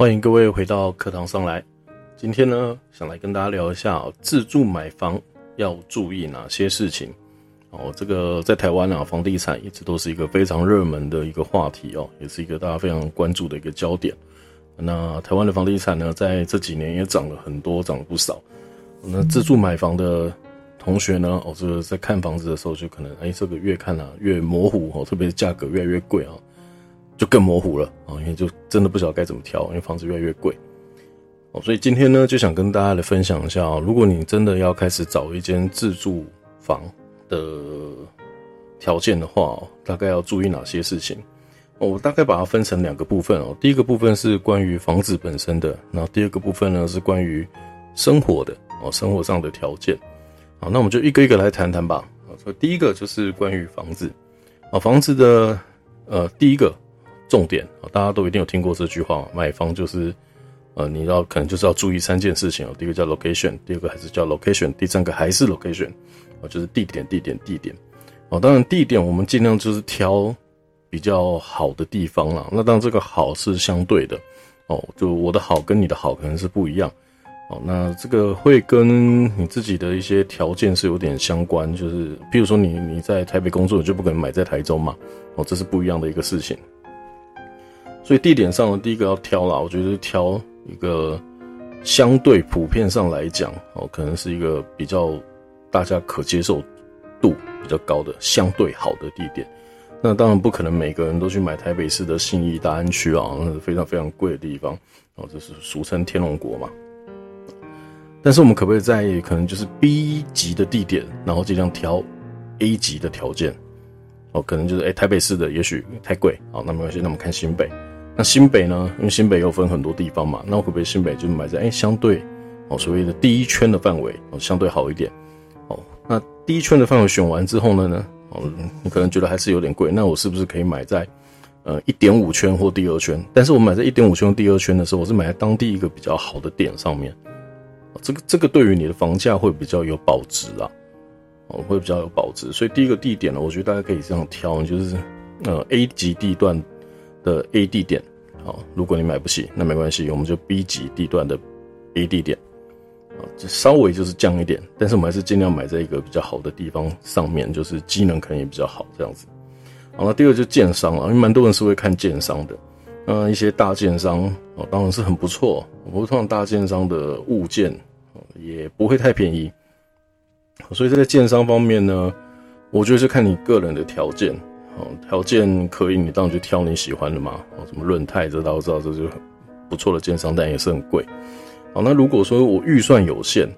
歡迎各位回到課堂上來。今天呢，想來跟大家聊一下，哦，自住買房要注意哪些事情。哦，這個在台灣啊，房地產一直都是一個非常熱門的一個話題哦，也是一個大家非常關注的一個焦點。那台灣的房地產呢，在這幾年也漲了很多，漲了不少。那自住買房的同學呢，哦，這個，在看房子的時候就可能，哎，這個越看啊越模糊哦，特別是價格越來越貴啊，哦。就更模糊了啊，因為就真的不曉得該怎麼挑，因為房子越來越貴哦，所以今天呢就想跟大家來分享一下，如果你真的要開始找一間自住房的條件的話，大概要注意哪些事情？我大概把它分成兩個部分哦，第一個部分是關於房子本身的，然後第二個部分呢是關於生活的哦，生活上的條件。好，那我們就一個一個來談談吧。啊，所以第一個就是關於房子啊，房子的呃第一個。重點，大家都一定有聽過這句話，買房就是，呃，你要可能就是要注意三件事情哦。第一個叫 location，第二個還是叫 location，第三個還是 location，就是地點，地點，地點，哦，當然地點我們盡量就是挑比較好的地方啦。那當然這個好是相對的哦，就我的好跟你的好可能是不一樣哦。那這個會跟你自己的一些條件是有點相關，就是譬如說你你在台北工作，你就不可能買在台中嘛，哦，這是不一樣的一個事情。所以地點上的第一個要挑啦，我覺得是挑一個相對普遍上來講哦，可能是一個比較大家可接受度比較高的相對好的地點。那當然不可能每個人都去買台北市的信義、大安區啊，那是非常非常貴的地方哦，這是俗稱天龍國嘛。但是我們可不可以在可能就是 B 級的地點，然後盡量挑 A 級的條件哦？可能就是哎、欸，台北市的也許太貴好、哦，那沒關係，那我們看新北。那新北呢？因為新北又分很多地方嘛，那我可不可以新北就買在哎、欸、相對哦，所謂的第一圈的範圍哦，相對好一點哦？那第一圈的範圍選完之後呢呢？哦，你可能覺得還是有點貴，那我是不是可以買在呃，一點五圈或第二圈？但是我買在一點五圈或第二圈的時候，我是買在當地一個比較好的點上面，哦、這個這個對於你的房價會比較有保值啊，哦會比較有保值。所以第一個地點呢，我覺得大家可以這樣挑，就是呃 A 級地段的 A 地點。好，如果你買不起，那沒關係，我們就 B 級地段的 A 地點，啊，就稍微就是降一點，但是我們還是盡量買在一個比較好的地方上面，就是機能可能也比較好這樣子。好，那第二就是建商啊，因為蠻多人是會看建商的，嗯，一些大建商啊，當然是很不錯，不過通常大建商的物件啊，也不會太便宜，所以在建商方面呢，我覺得是看你個人的條件。哦，條件可以，你當然就挑你喜歡的嘛。哦，什麼潤泰，這、道這、這，這就很不錯的建商，但也是很貴。好，那如果說我預算有限，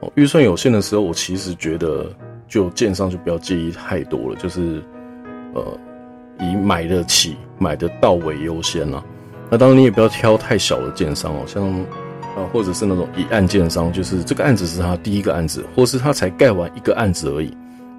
哦，預算有限的時候，我其實覺得就建商就不要介意太多了，就是呃，以買得起、買得到為優先啊。那當然你也不要挑太小的建商哦，像啊，或者是那種一案建商，就是這個案子是他第一個案子，或是他才蓋完一個案子而已。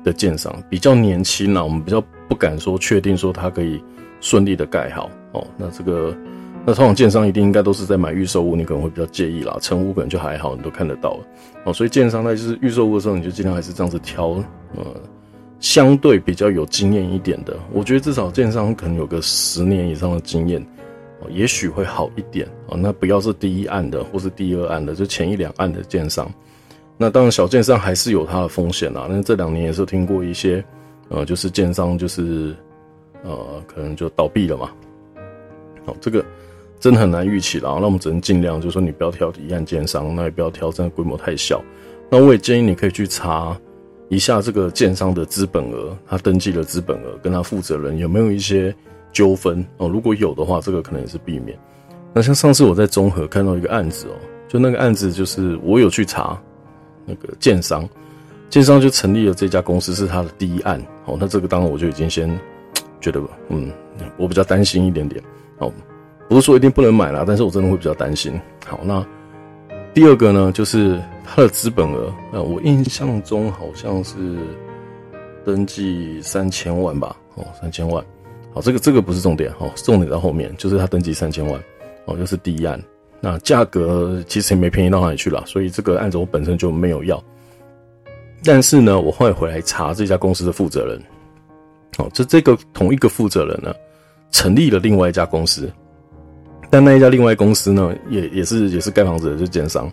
的建商比較年輕了，我們比較不敢說確定說他可以順利的蓋好哦。那這個那通常建商一定應該都是在買預售屋，你可能會比較介意啦。成屋可能就還好，你都看得到了哦。所以建商在就是預售屋的時候，你就盡量還是這樣子挑，呃、嗯，相對比較有經驗一點的。我覺得至少建商可能有個十年以上的經驗、哦，也許會好一點啊、哦。那不要是第一案的或是第二案的，就前一兩案的建商。那當然，小建商還是有它的風險啦，那這兩年也是聽過一些，呃，就是建商就是，呃，可能就倒閉了嘛。哦，這個真的很難預期啦，那我們只能儘量，就是說你不要挑一案建商，那也不要挑真的規模太小。那我也建議你可以去查一下這個建商的資本額，他登記的資本額跟他負責人有沒有一些糾紛哦。如果有的話，這個可能也是避免。那像上次我在中和看到一個案子哦、喔，就那個案子就是我有去查。那個建商，建商就成立了這家公司，是他的第一案。哦，那這個當然我就已經先覺得吧，嗯，我比較擔心一點點。哦，不是說一定不能買啦，但是我真的會比較擔心。好，那第二個呢，就是他的資本額，呃，我印象中好像是登記三千萬吧。哦，三千萬。好，哦，這個這個不是重點。好，哦，重點在後面，就是他登記三千萬。哦，就是第一案。那價格其實也沒便宜到哪裡去了，所以這個案子我本身就沒有要。但是呢，我後來回來查這家公司的負責人，哦，這這個同一個負責人呢，成立了另外一家公司，但那一家另外公司呢，也也是也是蓋房子的，就是奸商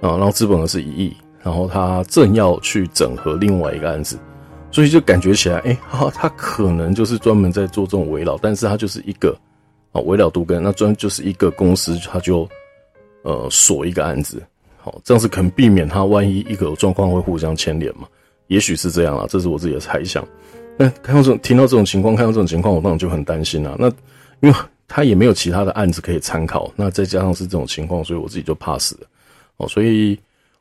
啊。然後資本呢是一億，然後他正要去整合另外一個案子，所以就感覺起來，哎，哈，他可能就是專門在做這種危老，但是他就是一個。好，為了杜根，那專就是一個公司，他就呃鎖一個案子，好，這樣是可能避免他萬一一個狀況會互相牽連嘛？也許是這樣啊，這是我自己的猜想。那看到這種，聽到這種情況，看到這種情況，我當然就很擔心啦。那因為他也沒有其他的案子可以參考，那再加上是這種情況，所以我自己就怕死了。哦，所以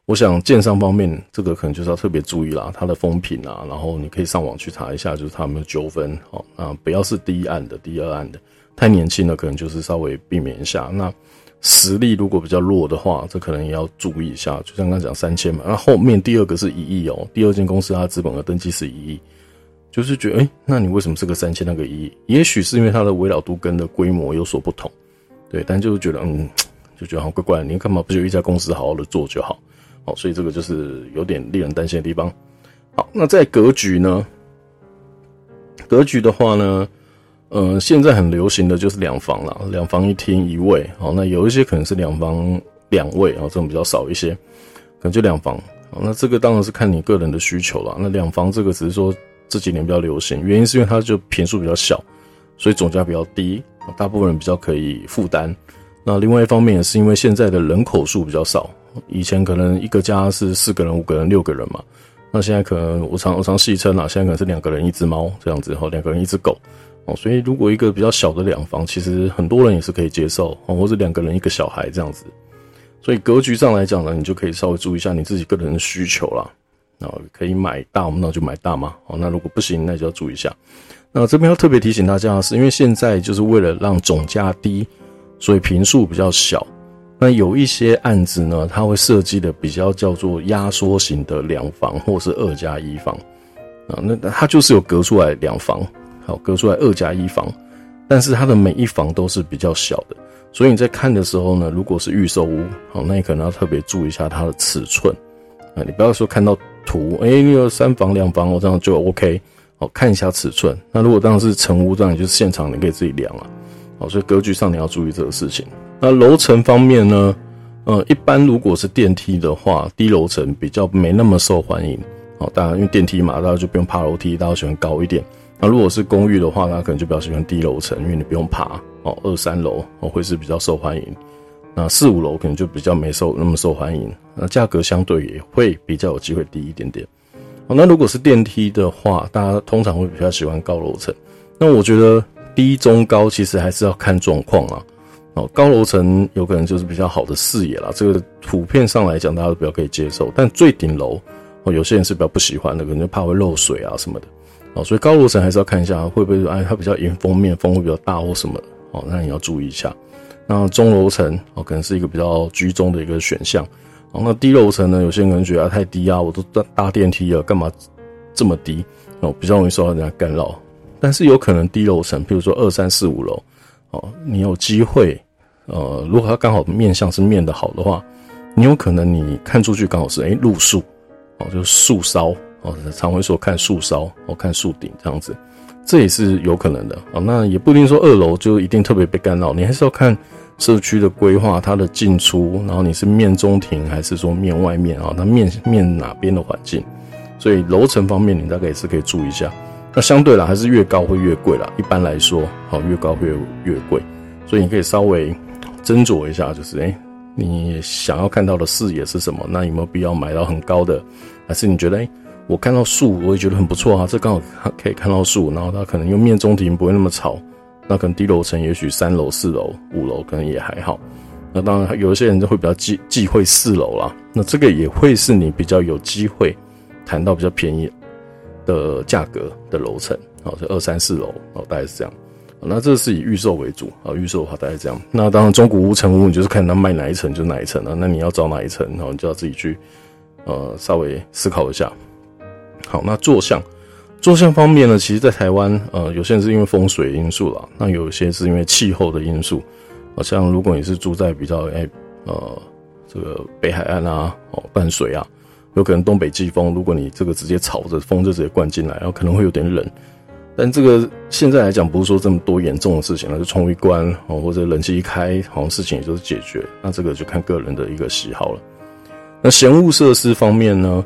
我想建商方面，這個可能就是要特別注意啦，他的風評啊，然後你可以上網去查一下，就是他們的糾紛。好，啊，不要是第一案的，第二案的，太年輕了，可能就是稍微避免一下。那實力如果比較弱的話，這可能也要注意一下。就像剛剛講三千嘛，那後面第二個是一億哦。第二間公司它的資本額登記是一億，就是覺得誒、欸、那你為什麼是個三千那個一億？也許是因為它的微小度跟的規模有所不同，對。但就是覺得嗯，就覺得好怪怪，你幹嘛不就一家公司好好的做就好？好，所以這個就是有點令人擔心的地方。好，那在格局呢？格局的話呢？嗯、呃，現在很流行的就是兩房啦，兩房一廳一衛。好，那有一些可能是兩房兩衛啊，這種比較少一些，可能就兩房。那這個當然是看你個人的需求啦。那兩房這個只是說這幾年比較流行，原因是因為它就坪數比較小，所以總價比較低，大部分人比較可以負擔。那另外一方面也是因為現在的人口數比較少，以前可能一個家是四個人、五個人、六個人嘛，那現在可能我常我常戲稱啦，現在可能是兩個人一隻貓這樣子，好，兩個人一隻狗。所以，如果一個比較小的兩房，其實很多人也是可以接受，或者兩個人一個小孩這樣子。所以格局上來講呢，你就可以稍微注意一下你自己個人的需求啦，那可以買大，我們那就買大嘛。哦，那如果不行，那就要注意一下。那這邊要特別提醒大家的是，因為現在就是為了讓總價低，所以坪數比較小。那有一些案子呢，它會設計的比較叫做壓縮型的兩房，或是二加一房啊。那它就是有隔出來兩房。好，隔出來二加一房，但是它的每一房都是比較小的，所以你在看的時候呢，如果是預售屋，好，那你可能要特別注意一下它的尺寸啊，你不要說看到圖，哎、欸，你有三房兩房，我、哦、這樣就 OK，好，看一下尺寸。那如果當然是成屋這樣屋，這樣就是現場你可以自己量了、啊，好，所以格局上你要注意這個事情。那樓層方面呢，呃，一般如果是電梯的話，低樓層比較沒那麼受歡迎，好，當然因為電梯嘛，大家就不用爬樓梯，大家喜歡高一點。那如果是公寓的話，那可能就比較喜歡低樓層，因為你不用爬哦。二三樓哦會是比較受歡迎，那四五樓可能就比較沒受那麼受歡迎，那價格相對也會比較有機會低一點點。哦，那如果是電梯的話，大家通常會比較喜歡高樓層。那我覺得低中高其實還是要看狀況啊。哦，高樓層有可能就是比較好的視野啦，這個普遍上來講大家都比較可以接受。但最頂樓哦，有些人是比較不喜歡的，可能就怕會漏水啊什麼的。哦，所以高樓層還是要看一下會不會，哎，它比較迎風面，風會比較大或什麼，哦，那你要注意一下。那中樓層哦，可能是一個比較居中的一個選項。哦，那低樓層呢，有些人可能覺得太低啊，我都搭電梯了，幹嘛這麼低？哦，比較容易受到人家干擾。但是有可能低樓層，比如說二三四五樓，哦，你有機會，呃，如果它剛好面向是面的好的話，你有可能你看出去剛好是，哎，路樹，哦，就是樹梢。哦，常會說看樹梢，我、哦、看樹頂這樣子，這也是有可能的哦。那也不一定說二樓就一定特別被干擾，你還是要看社區的規劃，它的進出，然後你是面中庭還是說面外面啊、哦？那面面哪邊的環境？所以樓層方面，你大概也是可以注意一下。那相對來還是越高會越貴啦，一般來說，好、哦，越高會越，越貴，所以你可以稍微斟酌一下，就是哎，你想要看到的視野是什麼？那有沒有必要買到很高的？還是你覺得哎？誒我看到樹，我也覺得很不錯啊。這剛好可以看到樹，然後它可能又面中庭不會那麼吵，那可能低樓層，也許三樓、四樓、五樓可能也還好。那當然，有一些人就會比較忌忌諱四樓啦，那這個也會是你比較有機會談到比較便宜的價格的樓層，好，這二三四樓，好，大概是這樣。那這是以預售為主啊，預售的話大概是這樣。那當然，中古屋、成屋，你就是看他賣哪一層就哪一層了。那你要找哪一層，然後你就要自己去呃稍微思考一下。好，那坐向，坐向方面呢？其實，在台灣，呃，有些人是因為風水的因素啦，那有些是因為氣候的因素。好像如果你是住在比較誒，呃，這個北海岸啊，哦，淡水啊，有可能東北季風，如果你這個直接朝着風就直接灌進來，然後可能會有點冷。但這個現在來講，不是說這麼多嚴重的事情了，那就窗一關，哦，或者冷氣一開，好像事情也就是解決。那這個就看個人的一個喜好了。那嫌惡設施方面呢？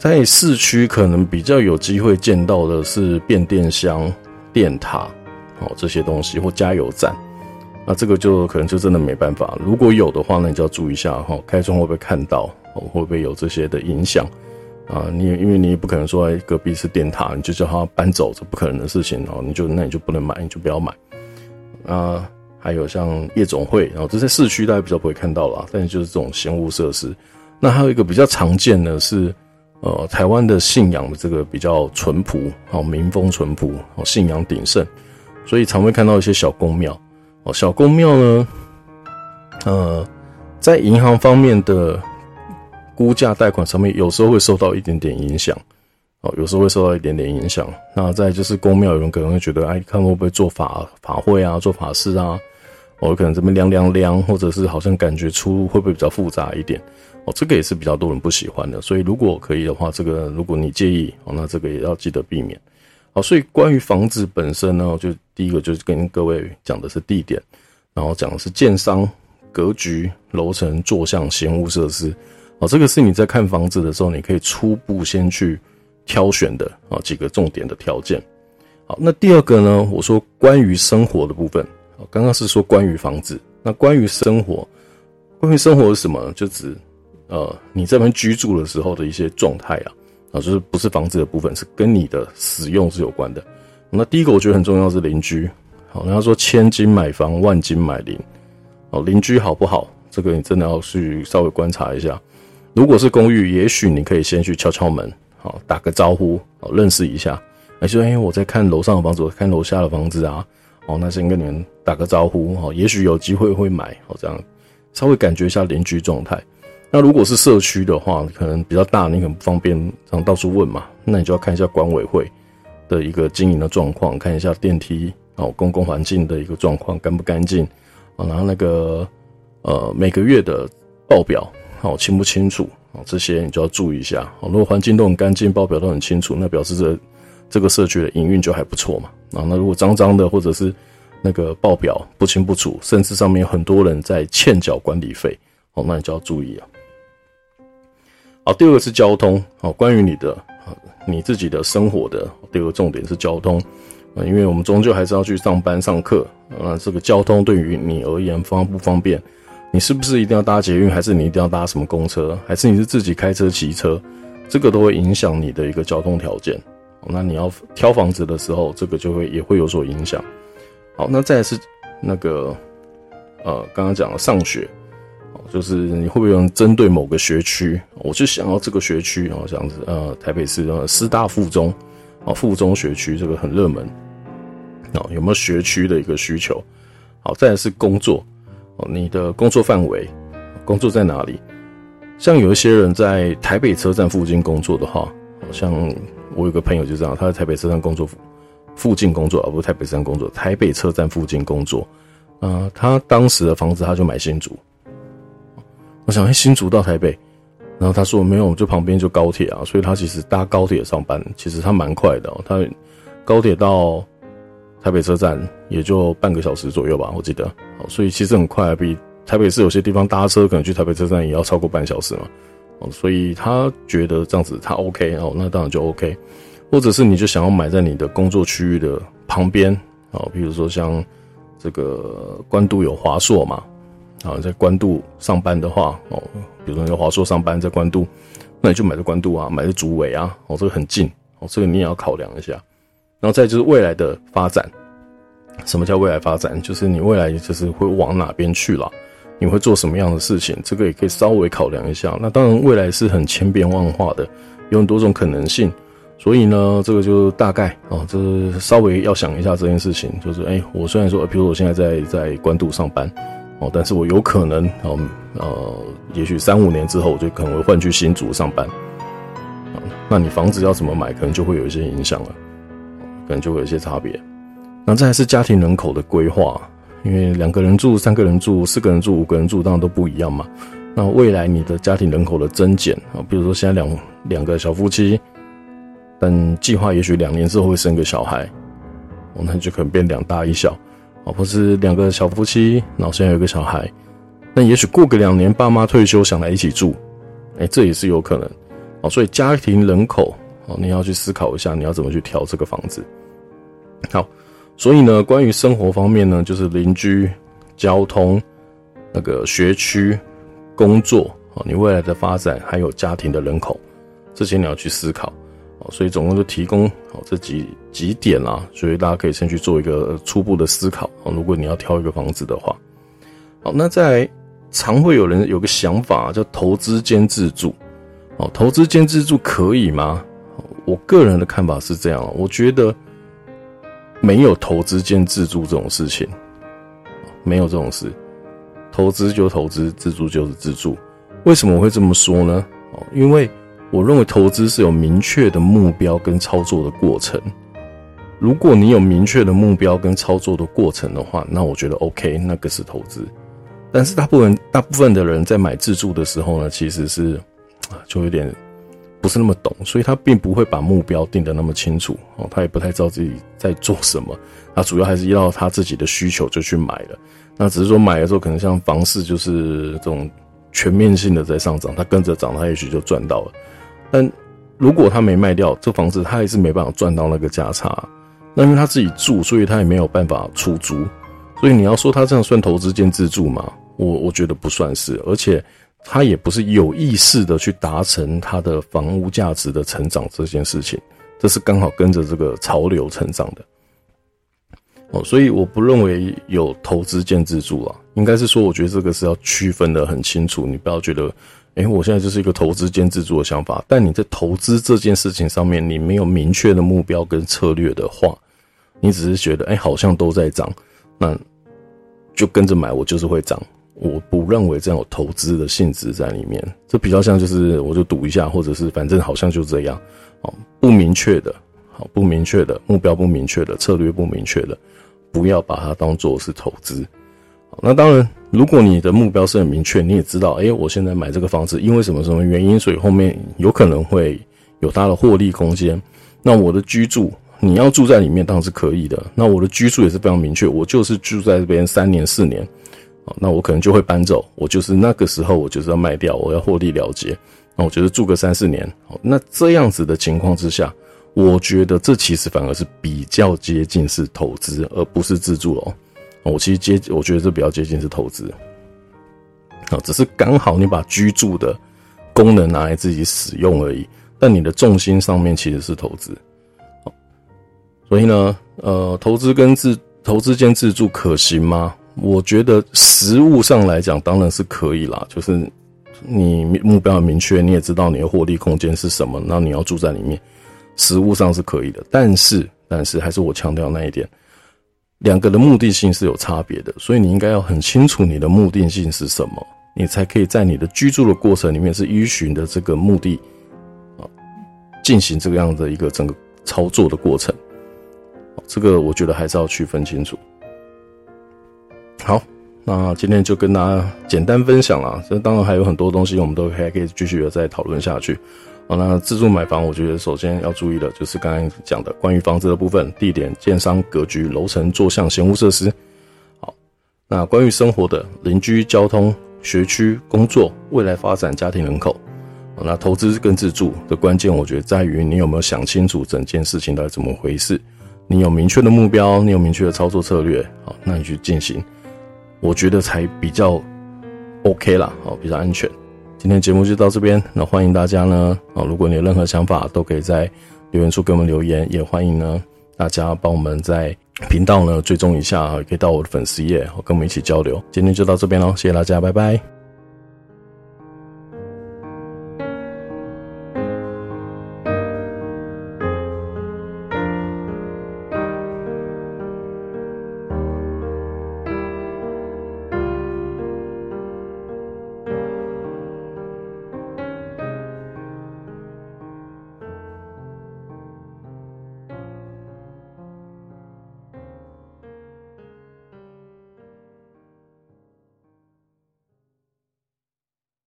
在市區可能比較有機會見到的是變電箱、電塔，哦，這些東西或加油站，那這個就可能就真的沒辦法。如果有的話，那你就要注意一下哈，開窗會不會看到，會不會有這些的影響啊？你因為你也不可能說隔壁是電塔，你就叫他搬走，這不可能的事情哦。你就那你就不能買，你就不要買。啊，還有像夜總會，然後這些市區大家比較不會看到啦，但是就是這種嫌惡設施。那還有一個比較常見的是。呃，台灣的信仰的這個比較淳樸，哦，民風淳樸，哦，信仰鼎盛，所以常會看到一些小宮廟，哦，小宮廟呢，呃，在銀行方面的估價貸款上面，有時候會受到一點點影響，哦，有時候會受到一點點影響。那再就是宮廟，有人可能會覺得，哎，啊，看會不會做法法會啊，做法事啊，哦，可能這邊涼涼涼，或者是好像感覺出入會不會比較複雜一點？哦，這個也是比較多人不喜歡的，所以如果可以的話，這個如果你介意哦，那這個也要記得避免。好，所以關於房子本身呢，就第一個就是跟各位講的是地點，然後講的是建商、格局、樓層、座向、嫌惡設施。好，這個是你在看房子的時候，你可以初步先去挑選的啊幾個重點的條件。好，那第二個呢，我說關於生活的部分，剛剛是說關於房子，那關於生活，關於生活是什麼呢？就指。呃，你這邊居住的時候的一些狀態啊，啊，就是不是房子的部分，是跟你的使用是有關的。那第一個我覺得很重要是鄰居，好、啊，人家說千金買房，萬金買鄰，好、啊，鄰居好不好？這個你真的要去稍微觀察一下。如果是公寓，也許你可以先去敲敲門，好、啊，打個招呼，啊、認識一下。你、啊、說，誒、欸、我在看樓上的房子，我在看樓下的房子啊，哦、啊，那先跟你們打個招呼，哈、啊，也許有機會會買，哦、啊，這樣，稍微感覺一下鄰居狀態。那如果是社區的話，可能比較大，你很不方便這樣到處問嘛，那你就要看一下管委會的一個經營的狀況，看一下電梯哦，公共環境的一個狀況乾不乾淨啊？然後那個呃每個月的報表哦清不清楚啊？這些你就要注意一下。如果環境都很乾淨，報表都很清楚，那表示這這個社區的營運就還不錯嘛。啊，那如果髒髒的，或者是那個報表不清不楚，甚至上面有很多人在欠繳管理費哦，那你就要注意了。好，第二個是交通，好，關於你的，你自己的生活的，的第二個重點是交通。啊，因為我們終究還是要去上班上、上課，啊，這個交通對於你而言方不方便？你是不是一定要搭捷運，還是你一定要搭什麼公車，還是你是自己開車、騎車？這個都會影響你的一個交通條件。那你要挑房子的時候，這個就會也會有所影響。好，那再來是那個，呃，剛剛講了上學。就是你會不會用針對某個學區？我就想要這個學區哦，這樣子呃，台北市呃，師大附中啊、哦，附中學區這個很熱門啊、哦，有沒有學區的一個需求？好，再來是工作哦，你的工作範圍，工作在哪裡？像有一些人在台北車站附近工作的話，像我有個朋友就這樣，他在台北車站工作附附近工作啊，不是台北車站工作，台北車站附近工作，呃，他當時的房子他就買新竹。我想，誒，新竹到台北？然後他說沒有，就旁邊就高鐵啊，所以他其實搭高鐵上班，其實他蠻快的哦，他高鐵到台北車站也就半個小時左右吧，我記得。所以其實很快，比台北市有些地方搭車可能去台北車站也要超過半小時嘛。哦，所以他覺得這樣子他 OK 哦，那當然就 OK。或者是你就想要買在你的工作區域的旁邊，好，比如說像這個關渡有華碩嘛。啊，在關渡上班的話，哦、喔，比如說在華碩上班，在關渡，那你就買在關渡啊，買在竹圍啊，哦、喔，這個很近，哦、喔，這個你也要考量一下。然後再就是未來的發展，什麼叫未來發展？就是你未來就是會往哪邊去了，你會做什麼樣的事情？這個也可以稍微考量一下。那當然，未來是很千變萬化的，有很多種可能性。所以呢，這個就大概啊、喔，就是稍微要想一下這件事情。就是誒、欸、我雖然說，比如說我現在在在關渡上班。哦，但是我有可能，哦，呃，也許三五年之後，我就可能會換去新竹上班，那你房子要怎麼買？可能就會有一些影響了，可能就會有一些差別。那再來是家庭人口的規劃，因為兩個人住、三個人住、四個人住、五個人住，當然都不一樣嘛。那未來你的家庭人口的增減啊，比如說現在兩兩個小夫妻，但計劃也許兩年之後會生個小孩，哦，那就可能變兩大一小。或是兩個小夫妻，然後現在有個小孩，那也許過個兩年，爸媽退休想來一起住，哎，這也是有可能哦。所以家庭人口哦，你要去思考一下，你要怎麼去挑這個房子。好，所以呢，關於生活方面呢，就是鄰居、交通、那個學區、工作哦，你未來的發展，還有家庭的人口，這些你要去思考。哦，所以總共就提供好這幾幾點啦，啊，所以大家可以先去做一個初步的思考啊。如果你要挑一個房子的話，好，那再來，常會有人有個想法叫投資兼自住，哦，投資兼自住可以嗎？我個人的看法是這樣，我覺得沒有投資兼自住這種事情，沒有這種事，投資就投資，自住就是自住。為什麼我會這麼說呢？哦，因為。我認為投資是有明確的目標跟操作的過程。如果你有明確的目標跟操作的過程的話，那我覺得 OK，那個是投資。但是大部分大部分的人在買自住的時候呢，其實是啊，就有點不是那麼懂，所以他並不會把目標定得那麼清楚哦，他也不太知道自己在做什麼。他主要還是依照他自己的需求就去買了。那只是說買的時候可能像房市就是這種全面性的在上漲，他跟着漲，他也許就賺到了。但如果他沒賣掉這房子，他也是沒辦法賺到那個價差啊。那因為他自己住，所以他也沒有辦法出租。所以你要說他這樣算投資兼自住嗎？我我覺得不算是，而且他也不是有意識的去達成他的房屋價值的成長這件事情，這是剛好跟着這個潮流成長的。哦，所以我不認為有投資兼自住啊，應該是說，我覺得這個是要區分得很清楚，你不要覺得。哎、欸，我現在就是一個投資兼自住的想法。但你在投資這件事情上面，你沒有明確的目標跟策略的話，你只是覺得哎、欸，好像都在漲，那就跟着買，我就是會漲。我不認為這樣有投資的性質在裡面，這比較像就是我就賭一下，或者是反正好像就這樣哦，不明確的，好不明確的，目標不明確的，策略不明確的，不明確的，不要把它當做是投資。那當然，如果你的目標是很明確，你也知道，哎、欸，我現在買這個房子，因為什麼什麼原因，所以後面有可能會有它的獲利空間。那我的居住，你要住在裡面當然是可以的。那我的居住也是非常明確，我就是住在這邊三年四年，那我可能就會搬走，我就是那個時候我就是要賣掉，我要獲利了結。那我覺得住個三四年，那這樣子的情況之下，我覺得這其實反而是比較接近是投資，而不是自住哦。我其實接，我覺得這比較接近是投資，啊，只是剛好你把居住的功能拿來自己使用而已，但你的重心上面其實是投資，所以呢，呃，投資跟自投資兼自住可行嗎？我覺得實務上來講當然是可以啦，就是你目標很明確，你也知道你的獲利空間是什麼，那你要住在裡面，實務上是可以的，但是但是還是我強調那一點。兩個的目的性是有差別的，所以你應該要很清楚你的目的性是什麼，你才可以在你的居住的過程裡面是依循的這個目的，啊，進行這個樣的一個整個操作的過程，這個我覺得還是要區分清楚。好。那今天就跟大家簡單分享了，這當然還有很多東西，我們都還可以繼續的再討論下去。好，那自住買房，我覺得首先要注意的，就是剛才講的關於房子的部分：地點、建商、格局、樓層、坐向、嫌惡設施。好，那關於生活的鄰居、交通、學區、工作、未來發展、家庭人口。那投資跟自住的關鍵，我覺得在於你有沒有想清楚整件事情到底怎麼回事。你有明確的目標，你有明確的操作策略，好，那你去進行。我覺得才比較 OK 啦，哦，比較安全。今天節目就到這邊，那歡迎大家呢，啊，如果你有任何想法，都可以在留言處給我們留言，也歡迎呢大家幫我們在頻道呢追蹤一下，啊，也可以到我的粉絲頁，跟我們一起交流。今天就到這邊嘍，謝謝大家，拜拜。